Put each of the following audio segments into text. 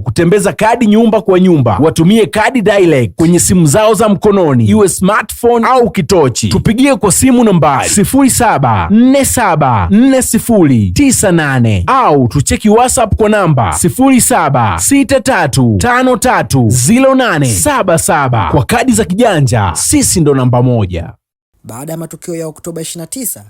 kutembeza kadi nyumba kwa nyumba, watumie kadi dialect kwenye simu zao za mkononi, iwe smartphone au kitochi. Tupigie kwa simu nambari 07474098 au tucheki WhatsApp kwa namba 0763530877. Kwa kadi za kijanja, sisi ndo namba moja. Baada ya matukio ya Oktoba 29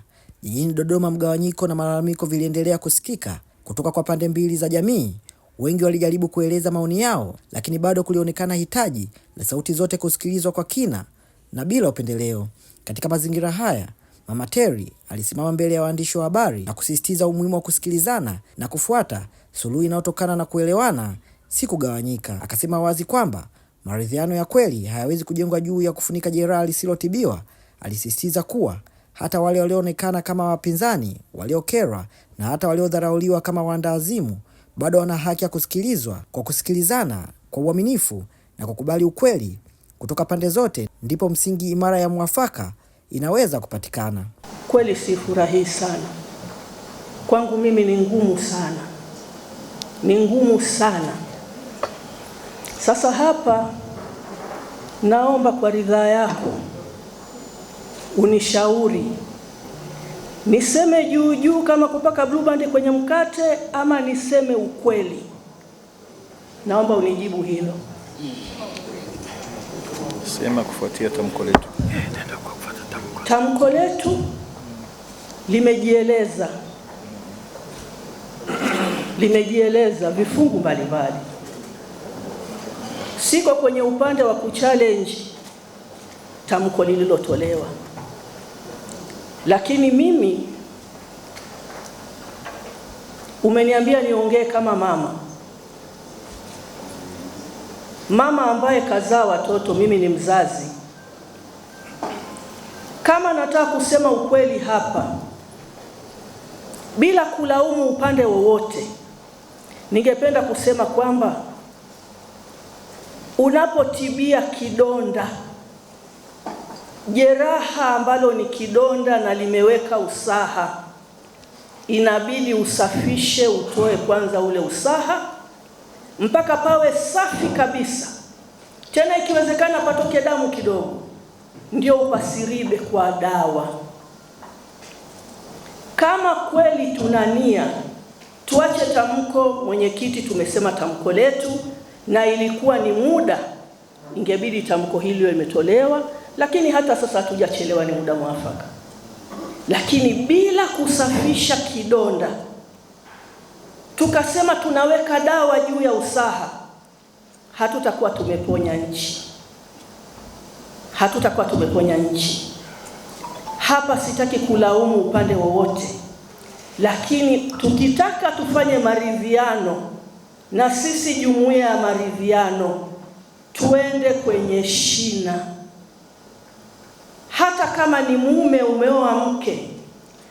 jijini Dodoma, mgawanyiko na malalamiko viliendelea kusikika kutoka kwa pande mbili za jamii Wengi walijaribu kueleza maoni yao, lakini bado kulionekana hitaji la sauti zote kusikilizwa kwa kina na bila upendeleo. Katika mazingira haya, Mama Terry alisimama mbele ya waandishi wa habari na kusisitiza umuhimu wa kusikilizana na kufuata suluhu inayotokana na kuelewana, si kugawanyika. Akasema wazi kwamba maridhiano ya kweli hayawezi kujengwa juu ya kufunika jeraha lisilotibiwa. Alisisitiza kuwa hata wale walioonekana kama wapinzani, waliokerwa na hata waliodharauliwa kama waandaazimu bado wana haki ya kusikilizwa kwa kusikilizana kwa uaminifu na kukubali ukweli kutoka pande zote, ndipo msingi imara ya mwafaka inaweza kupatikana. Kweli sifurahii sana, kwangu mimi ni ngumu sana, ni ngumu sana. Sasa hapa naomba kwa ridhaa yako unishauri Niseme juu juu kama kupaka blue band kwenye mkate ama niseme ukweli? Naomba unijibu hilo. Sema kufuatia tamko letu. Eh, tamko letu limejieleza, limejieleza vifungu mbalimbali. Siko kwenye upande wa kuchallenge tamko lililotolewa lakini mimi umeniambia niongee kama mama, mama ambaye kazaa watoto, mimi ni mzazi. Kama nataka kusema ukweli hapa bila kulaumu upande wowote, ningependa kusema kwamba unapotibia kidonda jeraha ambalo ni kidonda na limeweka usaha, inabidi usafishe, utoe kwanza ule usaha mpaka pawe safi kabisa, tena ikiwezekana patoke damu kidogo, ndio upasiribe kwa dawa. Kama kweli tuna nia, tuache tamko. Mwenyekiti, tumesema tamko letu na ilikuwa ni muda, ingebidi tamko hilo limetolewa lakini hata sasa hatujachelewa, ni muda mwafaka. Lakini bila kusafisha kidonda, tukasema tunaweka dawa juu ya usaha, hatutakuwa tumeponya nchi, hatutakuwa tumeponya nchi. Hapa sitaki kulaumu upande wowote, lakini tukitaka tufanye maridhiano, na sisi jumuiya ya maridhiano, tuende kwenye shina hata kama ni mume umeoa mke,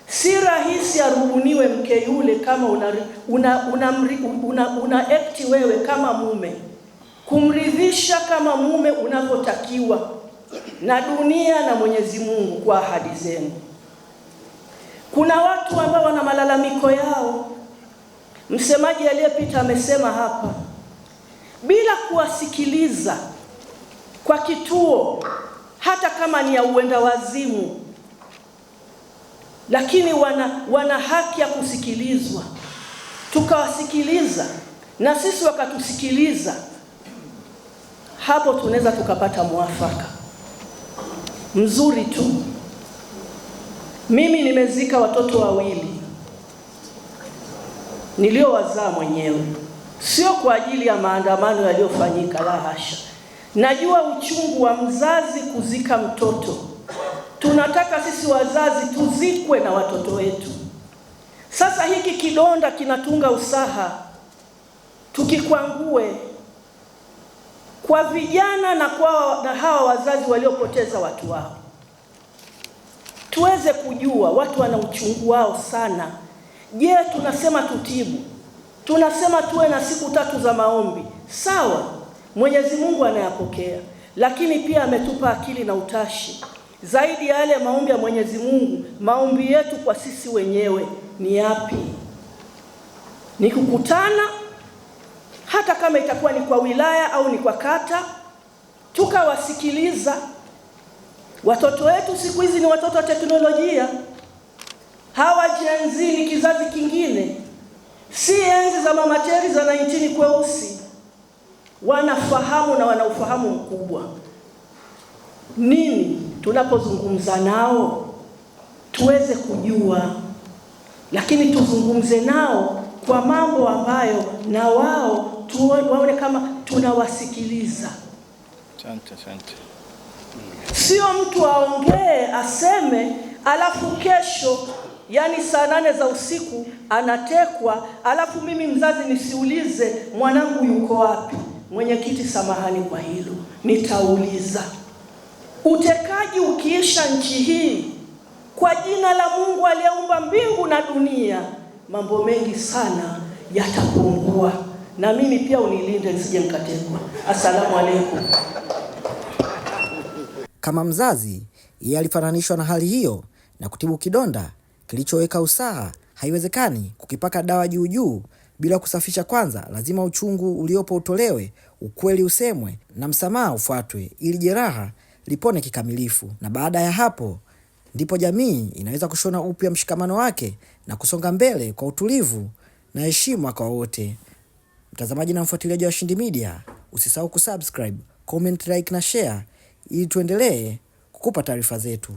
si rahisi arubuniwe mke yule kama una, una, una, una, una ekti wewe kama mume kumridhisha kama mume unavyotakiwa na dunia na Mwenyezi Mungu kwa ahadi zenu. Kuna watu ambao wana malalamiko yao. Msemaji aliyepita amesema hapa, bila kuwasikiliza kwa kituo hata kama ni ya uenda wazimu, lakini wana, wana haki ya kusikilizwa. Tukawasikiliza na sisi wakatusikiliza, hapo tunaweza tukapata mwafaka mzuri tu. Mimi nimezika watoto wawili niliowazaa mwenyewe, sio kwa ajili ya maandamano yaliyofanyika, la hasha. Najua uchungu wa mzazi kuzika mtoto. Tunataka sisi wazazi tuzikwe na watoto wetu. Sasa hiki kidonda kinatunga usaha, tukikwangue kwa vijana na kwa na hawa wazazi waliopoteza watu wao, tuweze kujua watu wana uchungu wao sana. Je, tunasema tutibu, tunasema tuwe na siku tatu za maombi, sawa Mwenyezi Mungu anayapokea, lakini pia ametupa akili na utashi. Zaidi ya yale maombi ya Mwenyezi Mungu, maombi yetu kwa sisi wenyewe ni yapi? Ni kukutana hata kama itakuwa ni kwa wilaya au ni kwa kata, tukawasikiliza watoto wetu. Siku hizi ni watoto wa teknolojia, hawa jenzi ni kizazi kingine, si enzi za mama za 19 kweusi wanafahamu na wana ufahamu mkubwa nini tunapozungumza nao tuweze kujua, lakini tuzungumze nao kwa mambo ambayo na wao waone kama tunawasikiliza. Asante, asante. Sio mtu aongee aseme, alafu kesho, yani saa nane za usiku anatekwa, alafu mimi mzazi nisiulize mwanangu yuko wapi. Mwenyekiti, samahani kwa hilo, nitauliza. Utekaji ukiisha nchi hii, kwa jina la Mungu aliyeumba mbingu na dunia, mambo mengi sana yatapungua. Na mimi pia unilinde nisije nikatekwa. Asalamu alaykum. Kama mzazi, yeye alifananishwa na hali hiyo na kutibu kidonda kilichoweka usaha, haiwezekani kukipaka dawa juu juu. Bila kusafisha kwanza, lazima uchungu uliopo utolewe, ukweli usemwe na msamaha ufuatwe, ili jeraha lipone kikamilifu. Na baada ya hapo ndipo jamii inaweza kushona upya mshikamano wake na kusonga mbele kwa utulivu na heshima kwa wote. Mtazamaji na mfuatiliaji wa Washindi Media, usisahau kusubscribe, comment, like na share ili tuendelee kukupa taarifa zetu.